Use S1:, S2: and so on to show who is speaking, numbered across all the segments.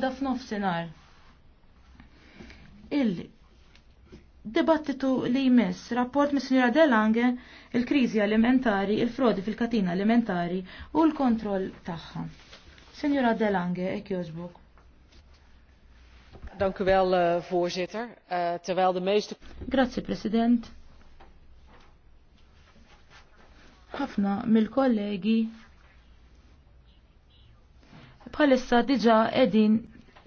S1: da f'nofsinhar. il debattitu li jmiss rapport mis Sinjora Delange il-kriżi alimentari, il-frodi fil-katina alimentari u l-kontroll tagħha. Sinjura Delange, ek jożbuk.
S2: Dank u wel, eh, voorzitter. Uh, terwijl de meeste...
S1: Grazie, president. ħafna mill-kollegi bħalissa diġa edin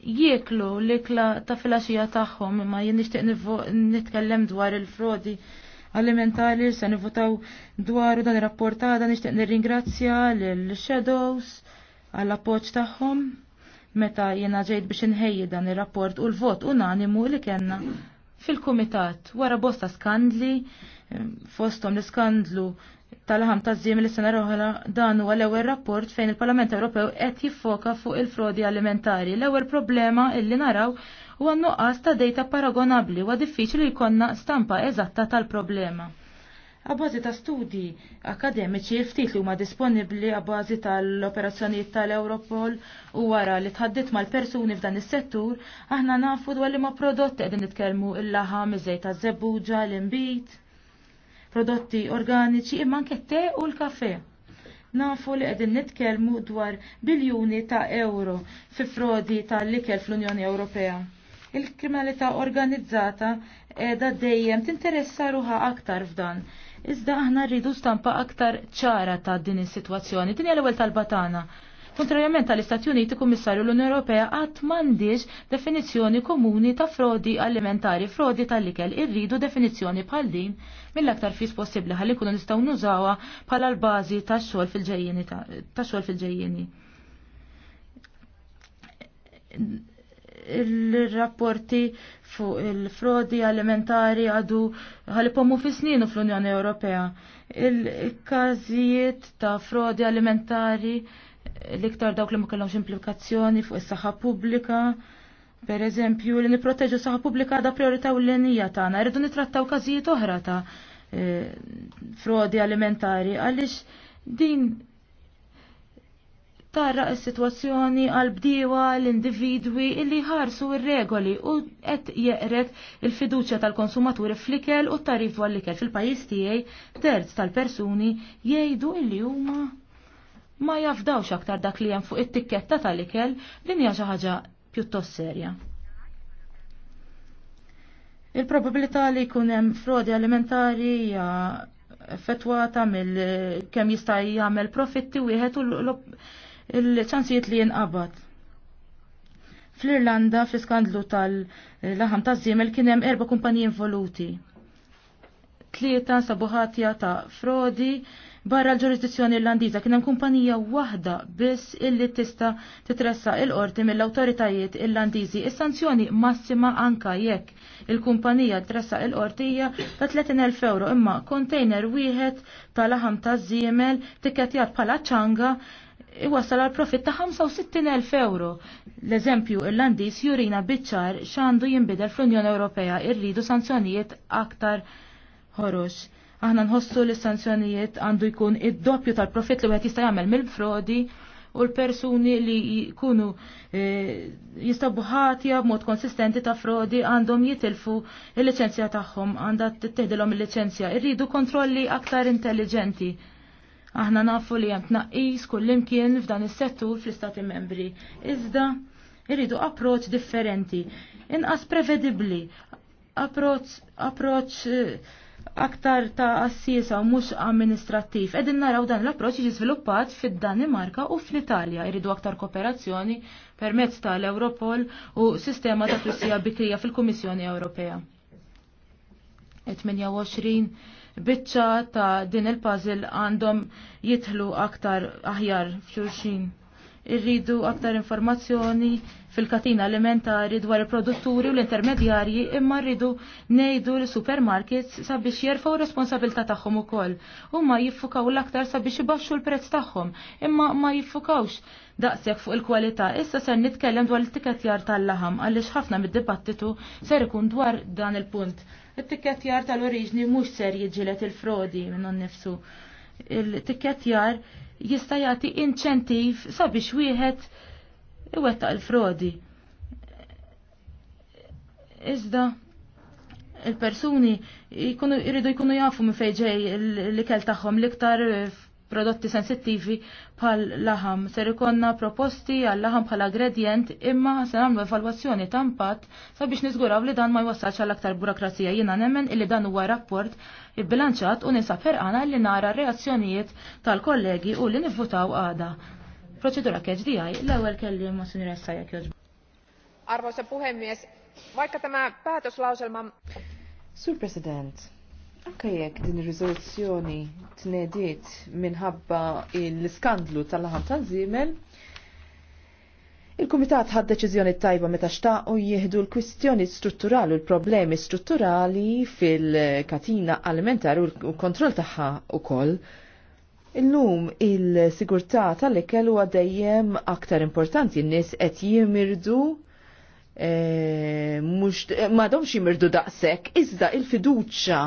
S1: jieklu l-ikla ta' filaxija tagħhom imma jien nixtieq nitkellem dwar il-frodi alimentari se nivutaw dwar dan ir rapportada għada nixtieq nirringrazzja lill-shadows għall appoġġ tagħhom meta jiena ġejt biex inħejji dan ir-rapport u l-vot unanimu li kellna fil-kumitat wara bosta skandli eh, fostom l-skandlu tal-ħam ta' żiem li sena roħla dan huwa l-ewwel rapport fejn il-Parlament Ewropew qed jiffoka fuq il-frodi alimentari. L-ewwel problema illi naraw huwa nuqqas ta' dejta paragonabbli huwa diffiċli jkollna stampa eżatta tal-problema. Għabbażi ta' studi akademiċi ftit li huma disponibbli għabbażi tal-operazzjonijiet tal-Europol u wara li tħaddit mal-persuni f'dan is-settur, aħna nafu dwar li ma' prodott qegħdin nitkellmu il-laħam, iż-żejt taż-żebbuġa, l-imbit prodotti organiċi imma anke te u l-kafe. Nafu li qegħdin nitkellmu dwar biljuni ta' euro fi frodi tal-ikel fl-Unjoni Ewropea. Il-kriminalità organizzata qiegħda dejjem tinteressa ruħa aktar f'dan. Iżda aħna rridu stampa aktar ċara ta' din is-sitwazzjoni. Din hija l-ewwel tal-batana. Kontrarjament tal-Istati Uniti, Kummissarju l-Unjoni Ewropea għat m'għandix definizzjoni komuni ta' frodi alimentari, frodi tal-ikel, irridu definizzjoni bħal din mill-aktar fis possibbli ħalli kunu nistgħu nużawha bħala l-bażi tax-xogħol ta' xogħol fil ġejjeni Il-rapporti fuq il-frodi alimentari għadu pommu fi snin fl-Unjoni Ewropea. Il-każijiet ta' frodi alimentari l-iktar dawk li ma kellhomx implikazzjoni fuq is-saħħa pubblika. Per eżempju, li s saħħa pubblika da priorità u l-linija tagħna, rridu nitrattaw każijiet oħra ta' e, frodi alimentari għaliex din tarra s-situazzjoni għal bdiewa l-individwi illi ħarsu ir-regoli u qed jeqret il-fiduċja tal-konsumaturi fl-ikel u t-tarif għall-ikel fil-pajjiż tiegħi terz tal-persuni jgħidu illi huma ma jafdawx aktar dak li hemm fuq it-tikketta tal-ikel din hija xi ħaġa pjuttost serja. Il-probabilità li jkun hemm frodi alimentari hija effettwata mill kemm jista' jagħmel profitti wieħed u l-ċansijiet li jinqabad. Fl-Irlanda fl-iskandlu tal-laħam taż-żiemel kien hemm erba' kumpaniji involuti. Tlieta sabuħatja ta' frodi Barra l-ġurisdizzjoni irlandiża kien hemm kumpanija waħda biss illi tista' titressa il-qorti mill-awtoritajiet irlandiżi. Is-sanzjoni massima anka jekk il-kumpanija tressa il-qorti hija ta' 30,000 euro imma kontejner wieħed tal-aħam ta' żiemel tikketjat bħala ċanga iwassal għal profit ta' 65.000 euro. L-eżempju irlandiż jurina biċċar x'għandu jinbidel fl-Unjoni Ewropea irridu sanzjonijiet aktar ħorox. Aħna nħossu li s-sanzjonijiet għandu jkun id-doppju tal-profit li wieħed jista' jagħmel mill-frodi u l-persuni li jkunu e, jistabu ħatja b'mod konsistenti ta' frodi għandhom jitilfu il-licenzja tagħhom għandha tittieħdilhom il-licenzja. Irridu kontrolli aktar intelligenti. Aħna nafu li hemm tnaqqis kullimkien f'dan is-settur fl-Istati Membri. Iżda irridu approċ differenti, inqas prevedibbli, approċ approċ aktar ta' assisa u mux amministrativ. Edin naraw dan l-approċ jiġi sviluppat fid-Danimarka u fl-Italja. Iridu aktar kooperazzjoni permezz tal-Europol u sistema ta' tussija bikrija fil-Kummissjoni Ewropea. 28 biċċa ta' din il-puzzle għandhom jitħlu aktar aħjar f'xulxin irridu aktar informazzjoni fil-katina alimentari dwar il-produtturi u l-intermedjarji imma rridu nejdu l-supermarkets sabiex jerfaw responsabilta tagħhom ukoll. Huma jiffukaw l-aktar sabiex jibaxxu l-prezz tagħhom imma ma jiffukawx daqshekk fuq il-kwalità. Issa ser nitkellem dwar l-tikketjar tal-laħam għaliex ħafna mid-dibattitu ser ikun dwar dan il-punt. Il-tikketjar tal-oriġni mhux ser jiġilet il-frodi minn nifsu. Il-tikketjar il jista' jagħti inċentiv sabiex wieħed iwettaq il-frodi. Iżda il-persuni jkunu jridu jkunu jafu minn fejn ġej l-ikel tagħhom l-iktar prodotti sensittivi bħal laħam. Ser ikonna proposti għal laħam bħal agredient imma se nagħmlu evalwazzjoni ta' impatt sabiex niżguraw li dan ma jwassalx għal aktar burokrazija jiena nemmen illi dan huwa rapport ibbilanċat u nisa ferqana li nara reazzjonijiet tal-kollegi u li nivvutaw għada. Proċedura KHDI l-ewwel kelli ma' Sinjora Sajak joġbu.
S2: Arvoisa puhemies, vaikka tämä päätöslauselma...
S1: Sur President,
S2: Anka jekk din ir-riżoluzzjoni tnediet minħabba l-iskandlu tal-ħam tal-żiemel, Il-Kumitat ħad deċiżjoni tajba meta xtaqu jieħdu l-kwistjoni strutturali u l-problemi strutturali fil-katina alimentari u l-kontroll tagħha wkoll. Illum il-sigurtà tal-ikel huwa dejjem aktar importanti n-nies qed jimirdu Eh, mux, eh, ma domx jimirdu daqsek, iżda il-fiduċa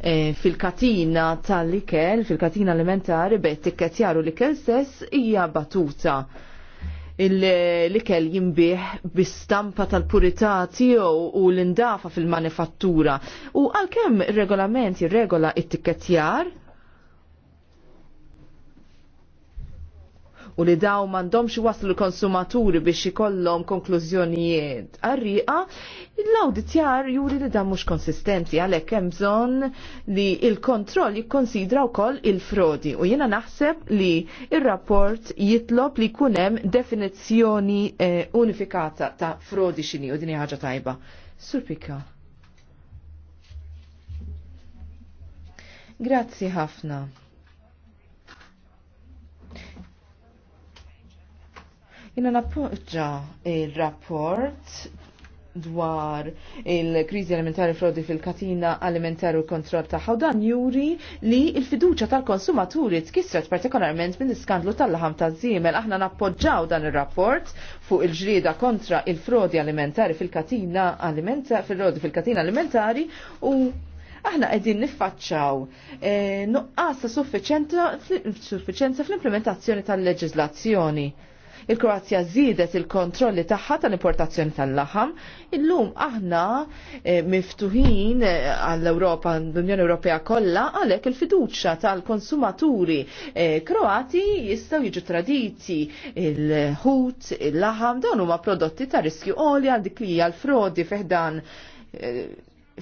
S2: eh, fil-katina tal-ikel, fil-katina alimentari bet tikket l-ikel stess hija batuta. L-ikel jimbiħ bistampa tal-purità tiegħu u l-indafa fil-manifattura. U għalkemm regolament jirregola it-tikketjar, u li daw mandomx waslu l-konsumaturi biex ikollhom konklużjonijiet għarriqa, l-auditjar juri li dan mhux konsistenti għalhekk hemm bżonn li il-kontroll jikkonsidra wkoll il-frodi u jiena naħseb li il rapport jitlob li jkun hemm definizzjoni eh, unifikata ta' frodi xini u din ħaġa tajba. Sur Pika. Grazzi ħafna. Jina nappoġġa il-rapport dwar il-krizi alimentari frodi fil-katina alimentari u kontrol ta' dan juri li il-fiduċa tal-konsumaturi tkissret partikolarment minn skandlu tal-laħam ta' zimel. Aħna nappoġġaw dan il-rapport fuq il-ġrieda kontra il-frodi alimentari fil-katina alimentari fil rodi fil-katina alimentari u aħna qegħdin niffaċċaw eh, nuqqas ta' suffiċenza fl-implementazzjoni tal-leġiżlazzjoni il-Kroazja żiedet il-kontrolli tagħha tal-importazzjoni tal-laħam. Illum aħna eh, miftuħin eh, għall-Ewropa, l-Unjoni Ewropea kollha għalhekk il-fiduċja tal-konsumaturi eh, Kroati jistgħu jiġu traditi il-ħut, il-laħam, dawn huma prodotti ta' riskju għolja dik li l-frodi fiħdan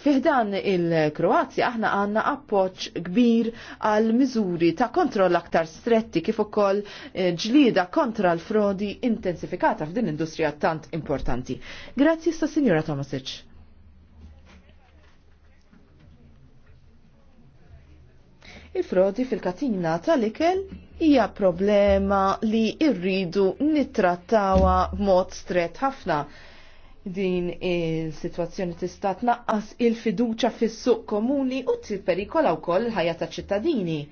S2: Fiħdan il-Kroazja aħna għanna appoċ kbir għal miżuri ta' kontroll aktar stretti kif ukoll eh, ġlieda kontra l-frodi intensifikata f'din industrija tant importanti. Grazzi sta' Signora Tomasic. Il-frodi fil-katina tal-ikel hija problema li irridu nittrattawa b'mod stret ħafna din il-situazzjoni tista' tnaqqas il-fiduċa fis-suq komuni u tipperikola wkoll il-ħajja taċ-ċittadini.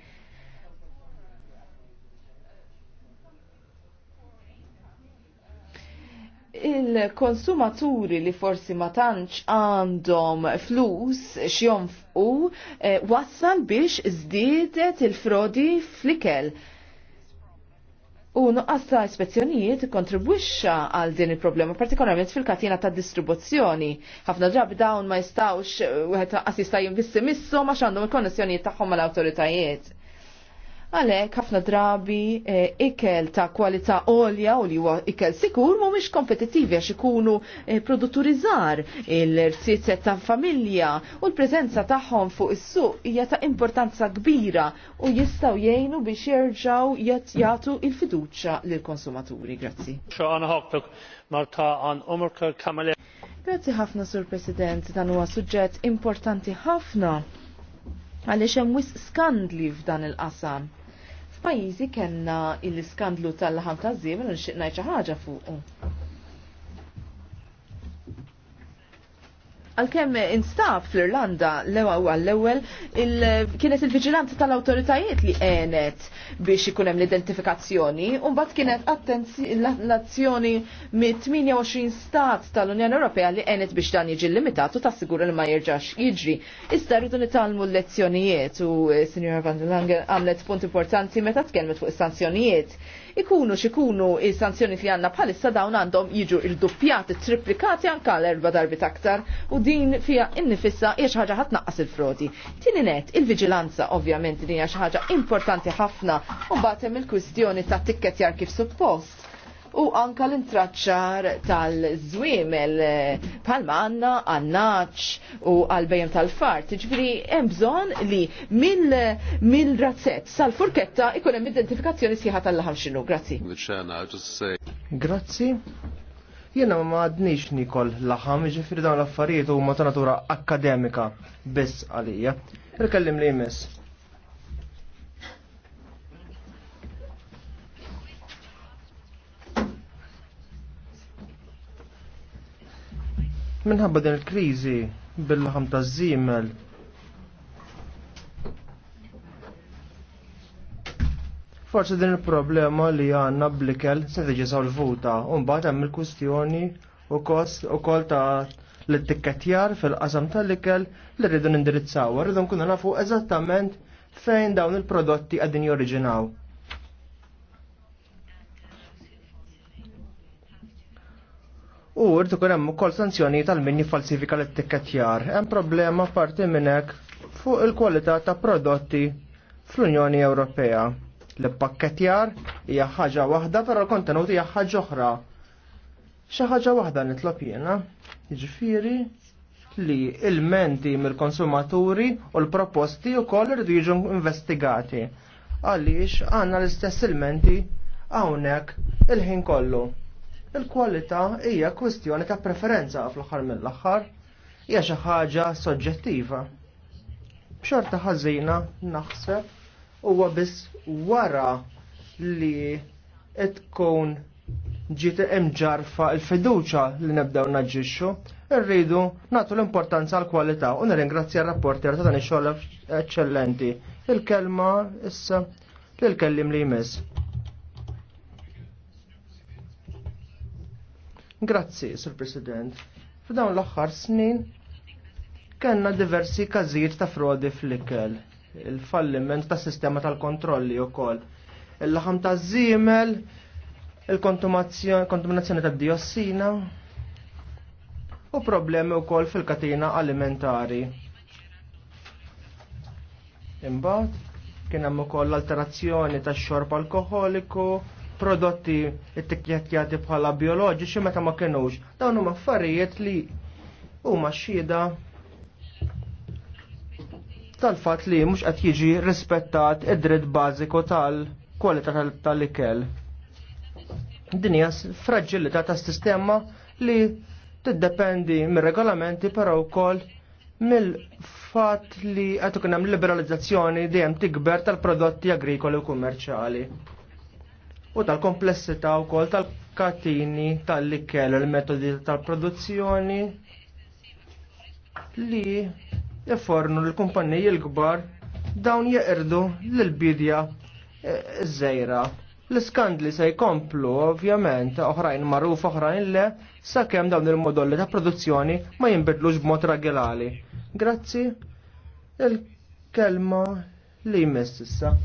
S2: il-konsumaturi li forsi ma tantx għandhom flus xjonfqu eh, wassal biex żdiedet il-frodi flikel. ikel U nuqqas ta' ispezzjonijiet kontribwixxa għal din il-problema, partikolarment fil-katina ta' distribuzzjoni. Ħafna drabi dawn ma jistawx u qas jista' jinvissi misshom għax għandhom il-konnessjonijiet tagħhom mal-awtoritajiet. Għalek, ħafna drabi e, ikel ta' kwalità olja u li huwa ikel sikur mhumiex kompetittivi għax ikunu e, produtturi żgħar, il-rsiet ta' familja u l-preżenza tagħhom fuq is-suq hija ta' importanza kbira u jistgħu jgħinu biex jerġgħu jagħtu il-fiduċja lill-konsumaturi. Grazzi. Grazzi ħafna, Sur President, dan huwa suġġett importanti ħafna għaliex hemm wis skandli f'dan il-qasam. F'pajjiżi kellna l-iskandlu tal-ħam taż-żiemel u nixtieq ngħid xi ħaġa fuqu. Għalkemm instab fl-Irlanda l-ewwel kienet il vigilanza tal-awtoritajiet li għenet biex ikun hemm l-identifikazzjoni u mbagħad kienet l-azzjoni mit 28 stat tal-Unjoni Ewropea li għenet biex dan jiġi limitat u tassigur li ma jirġax jiġri. Issa rridu nitalmu l-lezzjonijiet u eh, Sinjora Van der Lange, għamlet punt importanti meta tkellmet fuq is-sanzjonijiet ikunu xikunu il-sanzjoni li għanna bħalissa dawn għandhom jiġu il duppjati triplikati anka l-erba darbi aktar u din fija innifissa hija xi ħaġa ħadd il-frodi. Tieni net, il-viġilanza ovvjament din hija xi ħaġa importanti ħafna u batem il-kwistjoni ta' tikketjar kif suppost u anka l-intraċċar tal-żwiemel palma Manna, għannaċ u għal-bejem tal-fart. Ġifri, hemm bżonn li mill-razzett sal-furketta ikun hemm identifikazzjoni sħiħa tal-laħam xinu. Grazzi.
S3: Grazzi. Jena ma għadnix nikol laħam, ġifri dawn l-affarijiet u ta' natura akademika biss għalija. il li jmiss. Minħabba din il-kriżi bil-ħam ta' żiemel Forse din il-problema li għanna blikel se tiġi solvuta, unbat hemm il-kwistjoni u kost u kol ta' l-tikketjar fil-qasam tal-ikel li rridu nindirizzaw, rridu nkunu nafu eżattament fejn dawn il-prodotti għadin joriġinaw. U rrid ikun hemm ukoll sanzjoni tal-min jiffalsifika l-etikettjar. Hemm problema parti minn hekk fuq il-kwalità ta' prodotti fl-Unjoni Ewropea. L-pakkettjar hija ħaġa waħda, però l-kontenut hija ħaġa oħra. Xi ħaġa waħda nitlob jiena, jiġifieri li il-menti mill-konsumaturi u l-proposti wkoll irridu jiġu investigati għaliex għandna l-istess il-menti hawnhekk il-ħin kollu. Il-kwalità hija kwistjoni ta' preferenza fl-aħħar mill-aħħar hija xi ħaġa soġġettiva. B'xorta ħażina naħseb huwa biss wara li tkun ġiet imġarfa l-fiduċa li nibdew naġġixxu, irridu nagħtu l-importanza għal kwalità u nirringrazzja r-rapporter ta' dan ix-xogħol eċċellenti. Il-kelma issa lil kellim li jmiss. Grazzi, Sur President. F'dawn l-aħħar snin kellna diversi każijiet ta' frodi fl-ikel, il-falliment ta' sistema tal-kontrolli wkoll, il-laħam ta' żiemel, il-kontaminazzjoni ta' diossina u problemi wkoll fil-katina alimentari. Imbagħad kien hemm ukoll l alterazzjoni tax-xorb alkoholiku prodotti it-tikjetjati bħala bioloġiċi meta ma kinux. Dawn huma affarijiet li huma xhieda tal-fatt li mhux qed jiġi rispettat id-dritt bażiku tal-kwalità tal-ikel. Din hija fraġilità tas-sistema li tiddependi mir-regolamenti però wkoll mill-fatt li qed ikun hemm liberalizzazzjoni dejjem tikber tal-prodotti agrikoli u kummerċjali u tal-komplessità wkoll tal-katini tal-ikel il-metodi tal-produzzjoni li jeffornu l-kumpaniji l-kbar dawn jeqirdu l-bidja z e, żejra L-skandli se jkomplu ovvjament oħrajn magħruf oħrajn le sakemm dawn il modolli ta' produzzjoni ma jinbidlux b'mod raġelali. Grazzi il-kelma li jmiss issa.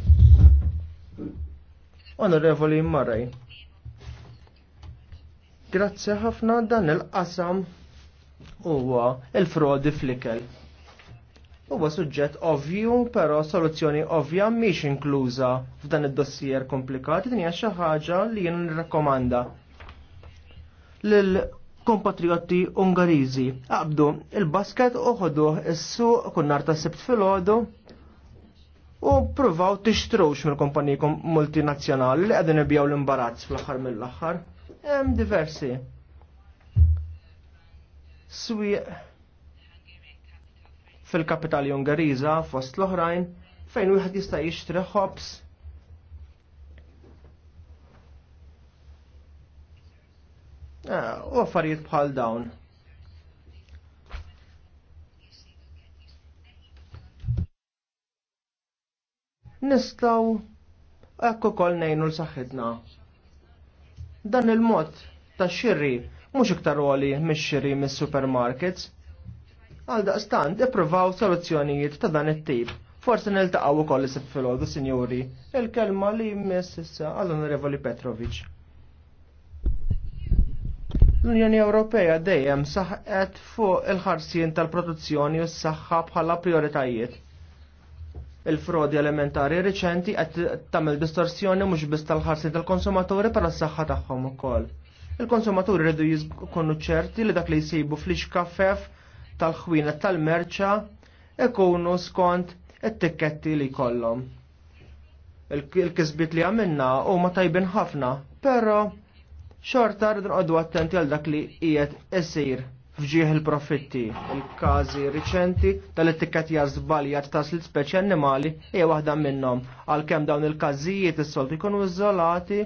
S3: Onorevoli Marrej. Grazzi ħafna dan il-qasam huwa il-frodi flikel. Huwa suġġett ovvju, però soluzzjoni ovvja mhix inkluża f'dan id-dossier komplikat, din hija xi ħaġa li jien nirrakkomanda. Lil kompatrioti Ungariżi, qabdu il-basket uħodu is-suq kun nar ta' sibt filgħodu u provaw tixtrux mill kompaniji multinazzjonali li qegħdin ibjaw l-imbarazz fl-aħħar mill-aħħar. Hemm diversi. Swieq fil-kapitali Ungeriża fost l-oħrajn fejn wieħed jista' jixtri ħobs ah, u affarijiet bħal dawn. nistaw ekku kol nejnu l-saxħidna. Dan il-mod ta' xirri mux iktar għoli mis xirri mis supermarkets Għal daqstant, ippruvaw soluzzjonijiet ta' dan it-tip. Forse nil-taqaw ukoll isib filgħodu, sinjuri, il-kelma li jmiss issa għall-Onorevoli Petrovic. L-Unjoni Ewropea dejjem saħqet fuq il-ħarsien tal-produzzjoni u s-saħħa bħala prioritajiet il-frodi elementari reċenti qed tagħmel distorsjoni mhux biss tal-ħarsi tal-konsumaturi per s-saħħa tagħhom ukoll. Il-konsumaturi rridu jkunu ċerti li dak li jsibu fl-iċkaffef tal-ħwienet tal-merċa ikunu skont it-tikketti li jkollhom. Il-kisbit li għamilna huma tajbin ħafna, però xorta rridu nqogħdu attenti għal dak li qiegħed isir fġieħ il-profitti. Il-każi riċenti tal-etikettjar żbaljat ta' slit speċi annimali hija waħda minnhom. Għalkemm dawn il-każijiet is-soltu jkunu iżolati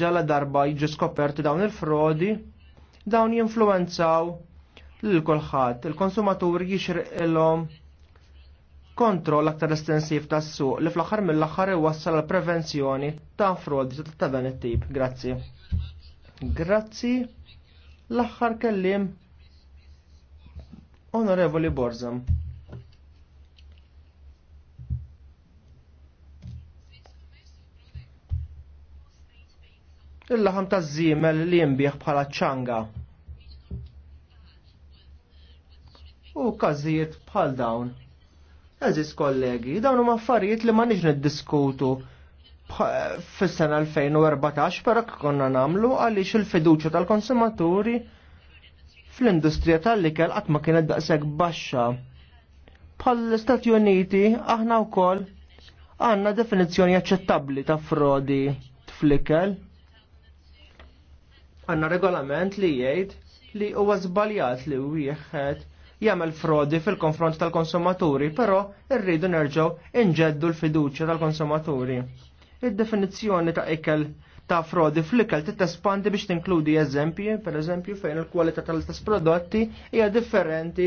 S3: ġala darba jiġu skoperti dawn il-frodi, dawn jinfluwenzaw lil kulħadd. Il-konsumatur jixraq ilhom kontroll aktar estensiv tas-suq li fl-aħħar mill-aħħar iwassal għal prevenzjoni ta' frodi ta' dan it-tip. Grazzi. Grazzi. L-aħħar kellim Onorevoli Borzam. Il-laħam ta' zimel li jimbieħ bħala ċanga. U każijiet bħal dawn. Eżis kollegi, dawn huma affarijiet li ma nix niddiskutu fis-sena 2014 perak konna namlu għaliex il fiduċa tal-konsumaturi fl-industrija tal-likel għatma ma kienet daqshekk baxxa. l istati Uniti aħna wkoll għandna definizzjoni aċċettabbli ta' frodi fl-ikel. Għandna regolament li jgħid li huwa żbaljat li wieħed jagħmel frodi fil-konfront tal-konsumaturi, però rridu nerġgħu inġeddu l-fiduċja tal-konsumaturi. Id-definizzjoni ta' ikel ta' frodi fl-ikel titespandi biex tinkludi eżempji, per eżempju, fejn il-kwalità tal-istess prodotti hija differenti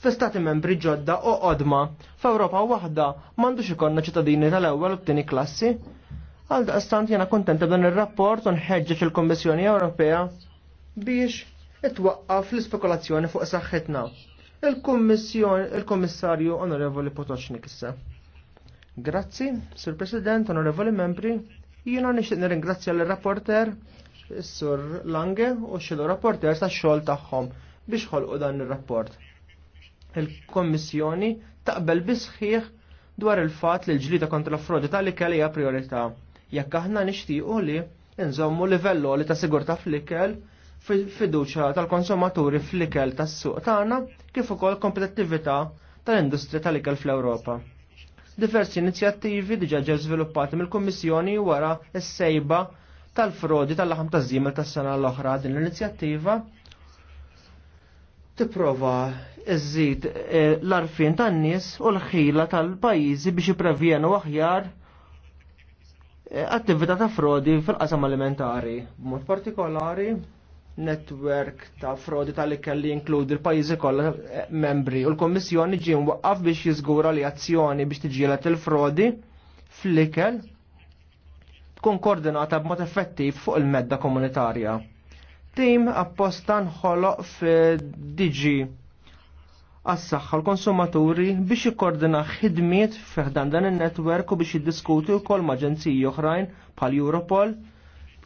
S3: fl istati membri ġodda u qodma. F'Ewropa waħda m'għandux ikollna ċittadini tal-ewwel u t-tieni klassi. Għal daqstant jena kontenta b'dan ir-rapport u nħeġġeġ il-Kommissjoni Ewropea biex itwaqqaf l-ispekulazzjoni fuq saħħitna. Il-Kummissjoni, il-Kommissarju Onorevoli Potocnik issa. Grazzi, Sir President, Onorevoli Membri, Jiena nixtieq nirringrazzja l-rapporter Sur Lange u xilu rapporter ta' xogħol tagħhom biex ħolqu dan ir-rapport. Il-Kommissjoni taqbel bisħiħ dwar il-fatt li l-ġlida kontra l-frodi tal-ikel hija priorità. Jekk aħna nixtiequ li nżommu livello li ta' sigurta fl-ikel fiduċa tal-konsumaturi fl-ikel tas-suq tagħna kif ukoll kompetittività tal-industrija tal-ikel fl-Ewropa. Diversi inizjattivi diġa ġew żviluppati mill-Kummissjoni wara s-sejba tal-frodi tal-laħam taż-żiemel tas-sena l-oħra din l-inizjattiva tipprova iżid eh, l-arfin tan-nies u l-ħila tal-pajjiżi biex jipprevjenu aħjar eh, attività ta' frodi fil-qasam alimentari. B'mod partikolari netwerk ta' frodi tal-ikel li jinkludi l-pajjiżi kollha eh, membri u l-Kommissjoni ġie mwaqqaf biex jiżgura li azzjoni biex tiġielet il-frodi fl-ikel tkun koordinata b'mod effettiv fuq il-medda komunitarja. Tim apposta nħoloq f għas-saħħa l-konsumaturi biex jikkoordina ħidmiet fiħdan dan in netwerk u biex jiddiskuti wkoll ma' aġenziji oħrajn bħal Europol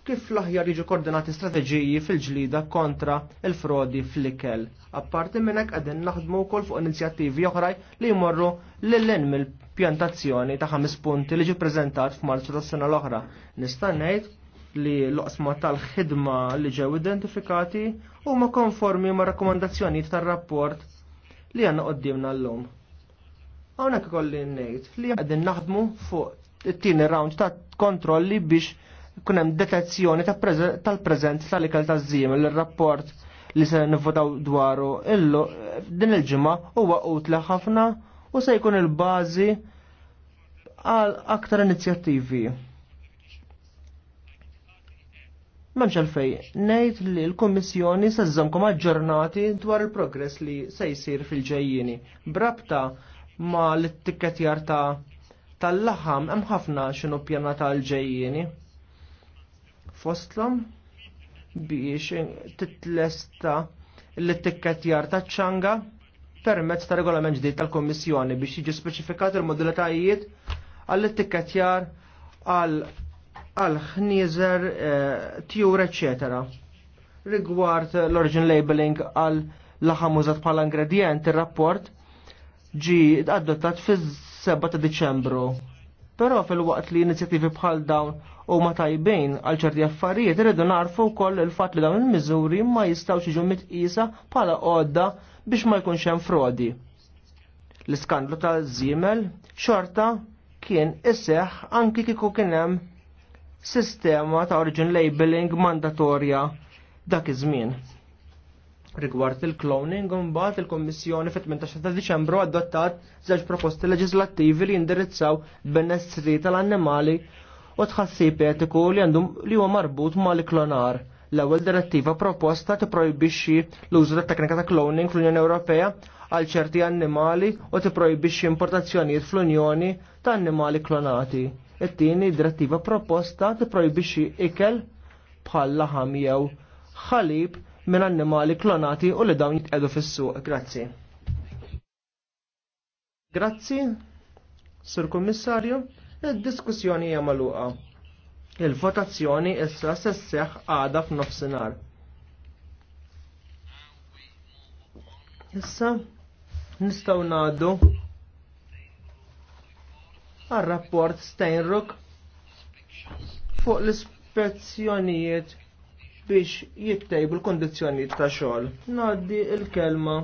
S3: kif l-aħjar jiġu koordinati strateġiji fil-ġlida kontra il-frodi fl-ikel. Apparti minn hekk qegħdin naħdmu wkoll fuq inizjattivi oħraj li jmorru lil-len mill-pjantazzjoni ta' ħames punti li ġi prezentat f'Marzu tas-sena l-oħra. Nista' ngħid li l-oqsma tal-ħidma li ġew identifikati huma konformi ma' rakkomandazzjonijiet tar-rapport li għandna qoddimna llum. Hawnhekk n ngħid li għadin naħdmu fuq it-tieni round ta' kontrolli biex kun hemm detazzjoni tal-preżent tal-ikel ta' zim ir-rapport li se nivvotaw dwaru illu din il-ġimgħa huwa utla ħafna u se jkun il-bażi għal aktar inizjattivi. Memx għalfej nejt li l-Kommissjoni se żżamkom aġġornati dwar il-progress li se jsir fil-ġejjini. Brabta ma l-tikketjar ta' tal-laħam hemm ħafna x'inhu pjana tal-ġejjini fostlom biex titlesta l jar ta' ċanga permezz ta' regolament ġdid tal-Kommissjoni biex jiġi speċifikat il-modalitajiet għall jar għal ħnieżer eh, tjur, eccetera. Rigward l-origin labeling għal laħam bħala ingredient, ir-rapport ġi adottat fiż-7 ta' Diċembru. Però fil-waqt li inizjattivi bħal dawn u ma tajbejn għal ċerti affarijiet irridu narfu wkoll il-fatt li dawn il-miżuri ma jistawx jiġu mitqisa bħala għodda biex ma jkunx hemm frodi. L-iskandlu ta' Zimel xorta kien isseħ anki kieku kien hemm sistema ta' origin labeling mandatorja dak iż-żmien. Rigward il-cloning, mbagħad il-Kommissjoni fit-18 ta' Diċembru adottat żewġ proposti leġislattivi li jindirizzaw benessri tal-annimali u tħassib etiku li għandhom li huwa marbut mal-klonar. L-ewwel direttiva proposta tipprojbixxi l-użu tat teknika ta' cloning fl-Unjoni Ewropea għal ċerti annimali u tipprojbixxi importazzjonijiet fl-Unjoni ta' annimali klonati. It-tieni direttiva proposta tipprojbixxi ikel bħal laħam jew ħalib minn annimali klonati u li dawn jitqedu fis-suq. Grazzi. Grazzi, Sur Kummissarju il diskussjoni hija magħluqa. Il-votazzjoni issa se sseħħ għada f'nofsinhar. Issa nistgħu ngħaddu għar-rapport Steinrock fuq l-ispezzjonijiet biex jittejbu l-kondizzjonijiet ta' xogħol. Ngħaddi il-kelma